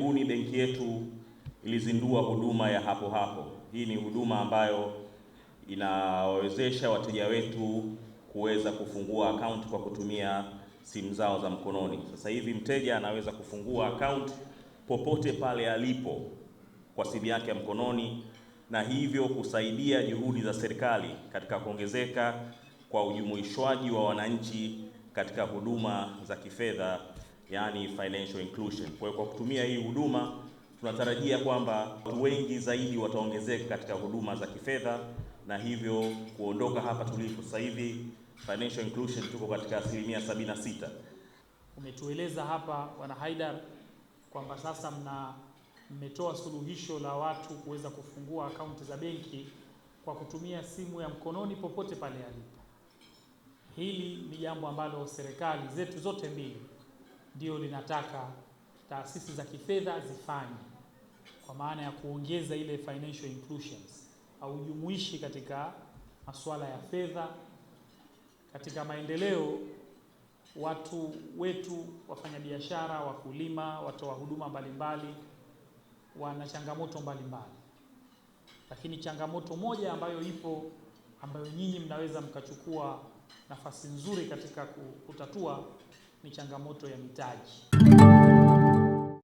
karibuni benki yetu ilizindua huduma ya hapo hapo. Hii ni huduma ambayo inawawezesha wateja wetu kuweza kufungua akaunti kwa kutumia simu zao za mkononi. Sasa hivi mteja anaweza kufungua akaunti popote pale alipo kwa simu yake ya mkononi, na hivyo kusaidia juhudi za serikali katika kuongezeka kwa ujumuishwaji wa wananchi katika huduma za kifedha yani financial inclusion. Kwa hiyo kwa kutumia hii huduma tunatarajia kwamba watu wengi zaidi wataongezeka katika huduma za kifedha na hivyo kuondoka hapa tulipo sasa hivi financial inclusion tuko katika asilimia 76. Umetueleza hapa Bwana Haidar kwamba sasa mna mmetoa suluhisho la watu kuweza kufungua akaunti za benki kwa kutumia simu ya mkononi popote pale alipo. Hili ni jambo ambalo serikali zetu zote mbili ndio linataka taasisi za kifedha zifanye kwa maana ya kuongeza ile financial inclusions au jumuishi katika masuala ya fedha katika maendeleo. Watu wetu, wafanyabiashara, wakulima, watoa huduma mbalimbali wana changamoto mbalimbali, lakini changamoto moja ambayo ipo ambayo nyinyi mnaweza mkachukua nafasi nzuri katika kutatua ni changamoto ya mitaji.